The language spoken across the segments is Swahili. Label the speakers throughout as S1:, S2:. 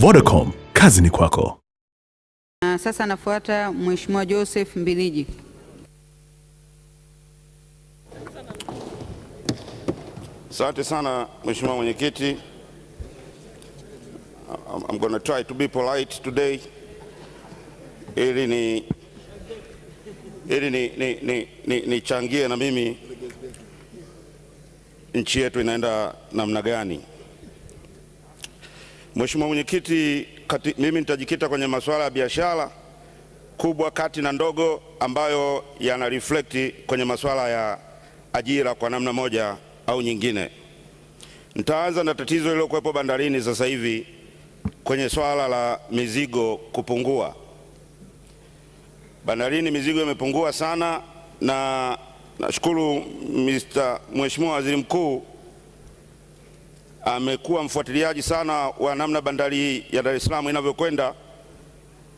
S1: Vodacom, kazi ni kwako. Na sasa nafuata Mheshimiwa Joseph Mbiliji.
S2: Asante sana Mheshimiwa Mwenyekiti. I'm going to try to be polite today ili ni ili nichangie ni, ni, ni, ni na mimi nchi yetu inaenda namna gani. Mheshimiwa Mwenyekiti, mimi nitajikita kwenye masuala ya biashara kubwa, kati na ndogo ambayo yana reflect kwenye masuala ya ajira kwa namna moja au nyingine. Nitaanza na tatizo lililokuwepo bandarini sasa hivi kwenye swala la mizigo kupungua. Bandarini mizigo imepungua sana, na nashukuru Mr. Mheshimiwa Waziri Mkuu amekuwa mfuatiliaji sana wa namna bandari ya Dar es Salaam inavyokwenda.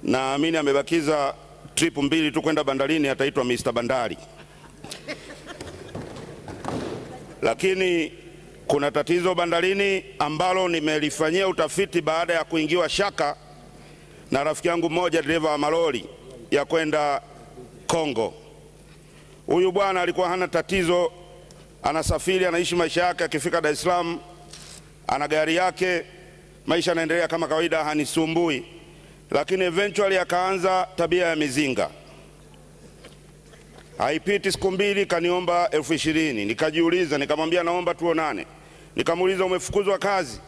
S2: Naamini amebakiza trip mbili tu kwenda bandarini, ataitwa Mr. Bandari. Lakini kuna tatizo bandarini ambalo nimelifanyia utafiti baada ya kuingiwa shaka na rafiki yangu mmoja, dereva wa malori ya kwenda Kongo. Huyu bwana alikuwa hana tatizo, anasafiri, anaishi maisha yake, akifika Dar es Salaam ana gari yake, maisha yanaendelea kama kawaida, hanisumbui. Lakini eventually akaanza tabia ya mizinga. Haipiti siku mbili, kaniomba elfu ishirini. Nikajiuliza, nikamwambia naomba tuonane. Nikamuuliza, umefukuzwa kazi?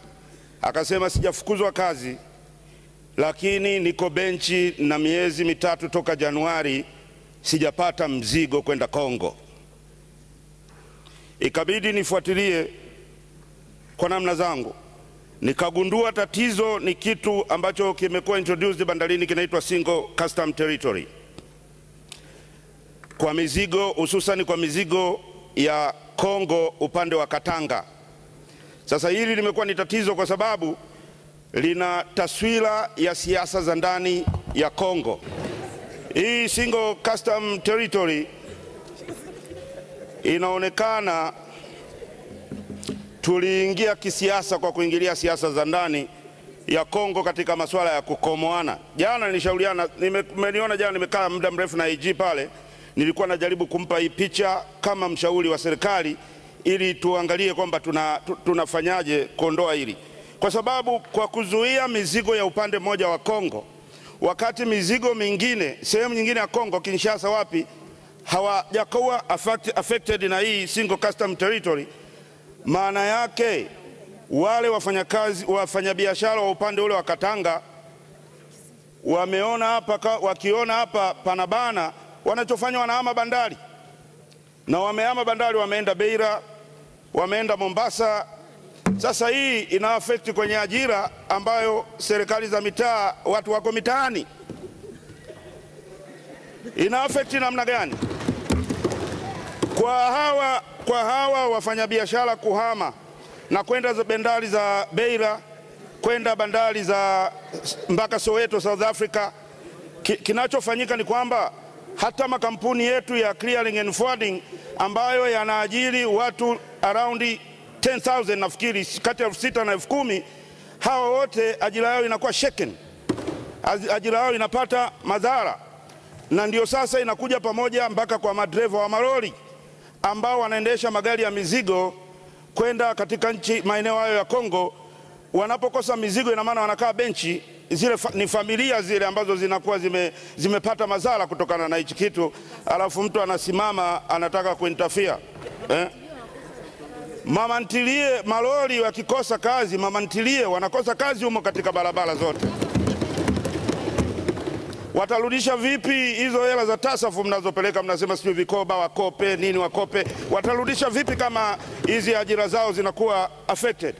S2: Akasema sijafukuzwa kazi, lakini niko benchi na miezi mitatu toka Januari sijapata mzigo kwenda Kongo, ikabidi nifuatilie kwa namna zangu, nikagundua tatizo ni kitu ambacho kimekuwa introduced bandarini kinaitwa single custom territory kwa mizigo, hususan kwa mizigo ya Kongo upande wa Katanga. Sasa hili limekuwa ni tatizo kwa sababu lina taswira ya siasa za ndani ya Kongo. Hii single custom territory inaonekana tuliingia kisiasa kwa kuingilia siasa za ndani ya Kongo katika masuala ya kukomoana. Jana nilishauriana, nimeniona jana, nimekaa muda mrefu na IG pale, nilikuwa najaribu kumpa hii picha kama mshauri wa serikali, ili tuangalie kwamba tuna, tunafanyaje kuondoa hili, kwa sababu kwa kuzuia mizigo ya upande mmoja wa Kongo, wakati mizigo mingine sehemu nyingine ya Kongo, Kinshasa wapi, hawajakuwa affected na hii single custom territory maana yake wale wafanyakazi wafanyabiashara wa upande ule wa Katanga wameona hapa, wakiona hapa pana bana, wanachofanya wanahama bandari, na wamehama bandari, wameenda Beira, wameenda Mombasa. Sasa hii ina affect kwenye ajira ambayo serikali za mitaa, watu wako mitaani, ina affect namna gani kwa hawa kwa hawa wafanyabiashara kuhama na kwenda za bandari za Beira kwenda bandari za mpaka Soweto South Africa. Kinachofanyika ni kwamba hata makampuni yetu ya clearing and forwarding ambayo yanaajiri watu around 10,000 nafikiri kati ya elfu sita na elfu kumi hawa wote ajira yao inakuwa shaken, ajira yao inapata madhara, na ndio sasa inakuja pamoja mpaka kwa madereva wa malori ambao wanaendesha magari ya mizigo kwenda katika nchi maeneo hayo ya Kongo, wanapokosa mizigo, ina maana wanakaa benchi. Zile fa, ni familia zile ambazo zinakuwa zime, zimepata madhara kutokana na hichi kitu, alafu mtu anasimama anataka kuintafia eh? ntilie, malori wakikosa kazi, mamantilie wanakosa kazi humo katika barabara zote. Watarudisha vipi hizo hela za TASAFU mnazopeleka? Mnasema sijui vikoba wakope nini, wakope watarudisha vipi kama hizi ajira zao zinakuwa affected?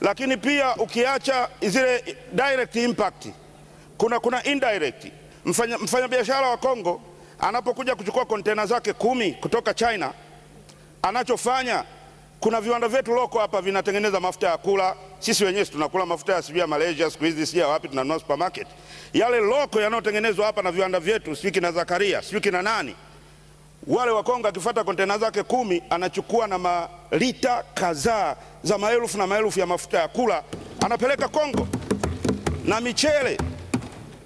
S2: Lakini pia ukiacha zile direct impact, kuna kuna indirect. Mfanya, mfanyabiashara wa Kongo anapokuja kuchukua kontena zake kumi kutoka China anachofanya kuna viwanda vyetu loko hapa vinatengeneza mafuta ya kula, sisi wenyewe tunakula mafuta ya sijui ya Malaysia siku hizi sijui wapi, tunanunua supermarket. Yale loko yanayotengenezwa hapa na viwanda vyetu, sijui kina Zakaria sijui kina nani, wale wakonga akifata kontena zake kumi anachukua na malita kadhaa za maelfu na maelfu ya mafuta ya kula anapeleka Kongo na michele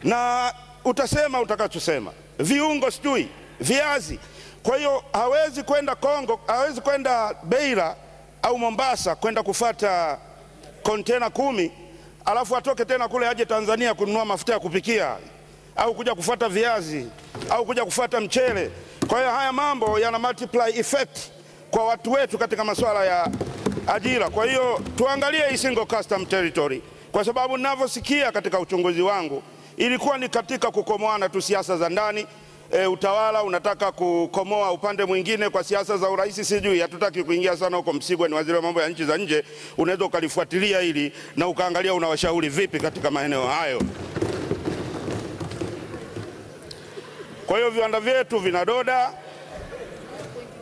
S2: na utasema utakachosema, viungo sijui viazi kwa hiyo hawezi kwenda Kongo, hawezi kwenda Beira au Mombasa kwenda kufata kontena kumi alafu atoke tena kule aje Tanzania kununua mafuta ya kupikia au kuja kufata viazi au kuja kufata mchele. Kwa hiyo haya mambo yana multiply effect kwa watu wetu katika masuala ya ajira. Kwa hiyo tuangalie hii single custom territory, kwa sababu ninavyosikia katika uchunguzi wangu ilikuwa ni katika kukomoana tu siasa za ndani e, utawala unataka kukomoa upande mwingine kwa siasa za urais, sijui hatutaki kuingia sana huko. Msigwa ni waziri wa mambo ya nchi za nje, unaweza ukalifuatilia hili na ukaangalia unawashauri vipi katika maeneo hayo. Kwa hiyo viwanda vyetu vinadoda,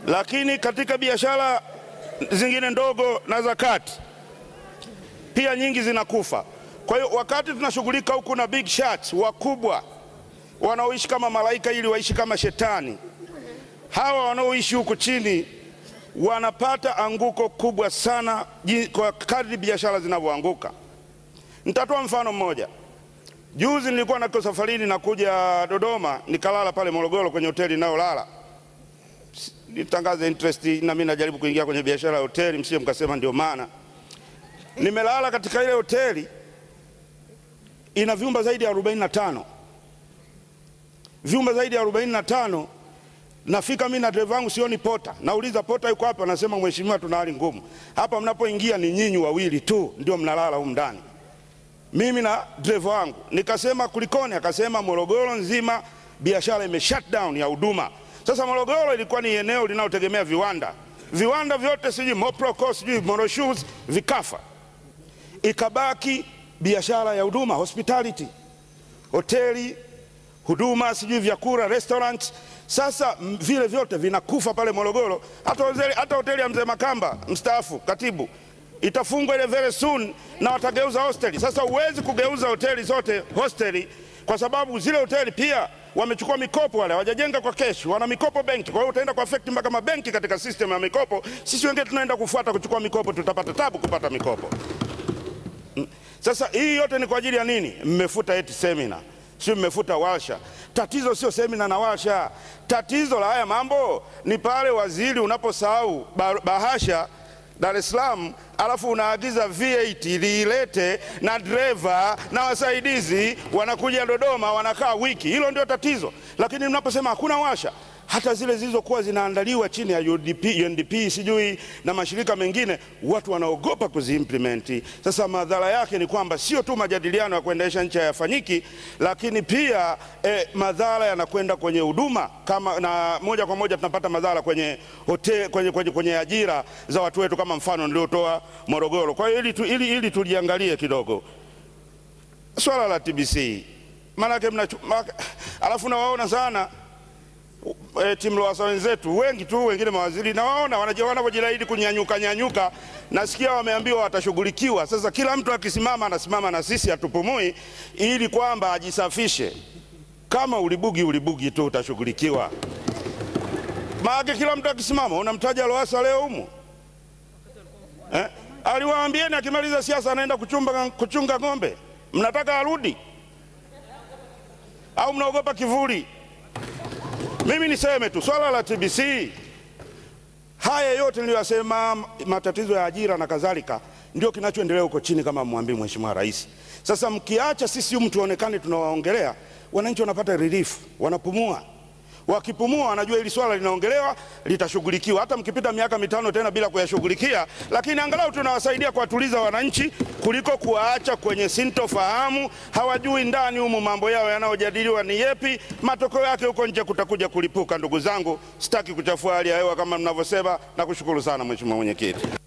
S2: lakini katika biashara zingine ndogo na za kati pia nyingi zinakufa. Kwa hiyo wakati tunashughulika huku na big shots wakubwa wanaoishi kama malaika ili waishi kama shetani. Hawa wanaoishi huku chini wanapata anguko kubwa sana kwa kadri biashara zinavyoanguka. Nitatoa mfano mmoja. Juzi nilikuwa nako safarini nakuja Dodoma, nikalala pale Morogoro kwenye hoteli inayolala nitangaze interest, na mimi najaribu kuingia kwenye biashara ya hoteli, msije mkasema ndio maana nimelala katika ile hoteli. Ina vyumba zaidi ya 45 vyumba zaidi ya 45. Nafika mimi na dereva wangu, sioni pota. Nauliza pota yuko wapi anasema mheshimiwa, tuna hali ngumu hapa, mnapoingia ni nyinyi wawili tu ndio mnalala huko ndani, mimi na dereva wangu. Nikasema kulikoni? Akasema Morogoro nzima biashara ime shutdown ya huduma. Sasa Morogoro ilikuwa ni eneo linalotegemea viwanda, viwanda vyote sijui Moproco sijui Moroshoes vikafa, ikabaki biashara ya huduma hospitality, hoteli huduma sijui vyakula restaurant. Sasa vile vyote vinakufa pale Morogoro. Hata hoteli, hata hoteli ya mzee Makamba mstaafu katibu itafungwa ile very soon, na watageuza hosteli. Sasa huwezi kugeuza hoteli zote hosteli, kwa sababu zile hoteli pia wamechukua mikopo wale, hawajajenga kwa cash, wana mikopo benki. Kwa hiyo utaenda kwa affect mpaka mabenki katika system ya mikopo. Sisi wengine tunaenda kufuata kuchukua mikopo, tutapata tabu kupata mikopo. Mm. Sasa hii yote ni kwa ajili ya nini? Mmefuta eti seminar sio mmefuta warsha. Tatizo sio semina na warsha, tatizo la haya mambo ni pale waziri unaposahau bahasha Dar es Salaam, alafu unaagiza V8 liilete na dreva na wasaidizi, wanakuja Dodoma wanakaa wiki. Hilo ndio tatizo, lakini mnaposema hakuna washa hata zile zilizokuwa zinaandaliwa chini ya UDP, UNDP sijui na mashirika mengine, watu wanaogopa kuziimplement. Sasa madhara yake ni kwamba sio tu majadiliano ya kuendesha nchi hayafanyiki, lakini pia e, madhara yanakwenda kwenye huduma kama na moja kwa moja tunapata madhara kwenye, hotel, kwenye, kwenye, kwenye ajira za watu wetu kama mfano niliotoa Morogoro. Kwa hiyo ili, tu, ili, ili tuliangalie kidogo swala la TBC maanake mna alafu nawaona sana e, timu Lowassa wenzetu wengi tu, wengine mawaziri nawaona wanavyojilaidi kunyanyuka nyanyuka, nasikia wameambiwa watashughulikiwa. Sasa kila mtu akisimama anasimama na sisi hatupumui, ili kwamba ajisafishe. Kama ulibugi ulibugi tu utashughulikiwa, maana kila mtu akisimama unamtaja Lowassa leo humu eh? Aliwaambieni akimaliza siasa anaenda kuchumba, kuchunga ng'ombe, mnataka arudi au mnaogopa kivuli? Mimi niseme tu swala la TBC, haya yote niliyosema, matatizo ya ajira na kadhalika, ndio kinachoendelea huko chini, kama mwambie Mheshimiwa Rais. Sasa mkiacha sisi mtuonekane tunawaongelea wananchi, wanapata relief, wanapumua wakipumua wanajua hili swala linaongelewa, litashughulikiwa. Hata mkipita miaka mitano tena bila kuyashughulikia, lakini angalau tunawasaidia kuwatuliza wananchi kuliko kuwaacha kwenye sintofahamu, hawajui ndani humu mambo yao yanayojadiliwa ni yepi. Matokeo yake huko nje kutakuja kulipuka. Ndugu zangu, sitaki kuchafua hali ya hewa kama mnavyosema. Nakushukuru sana Mheshimiwa Mwenyekiti.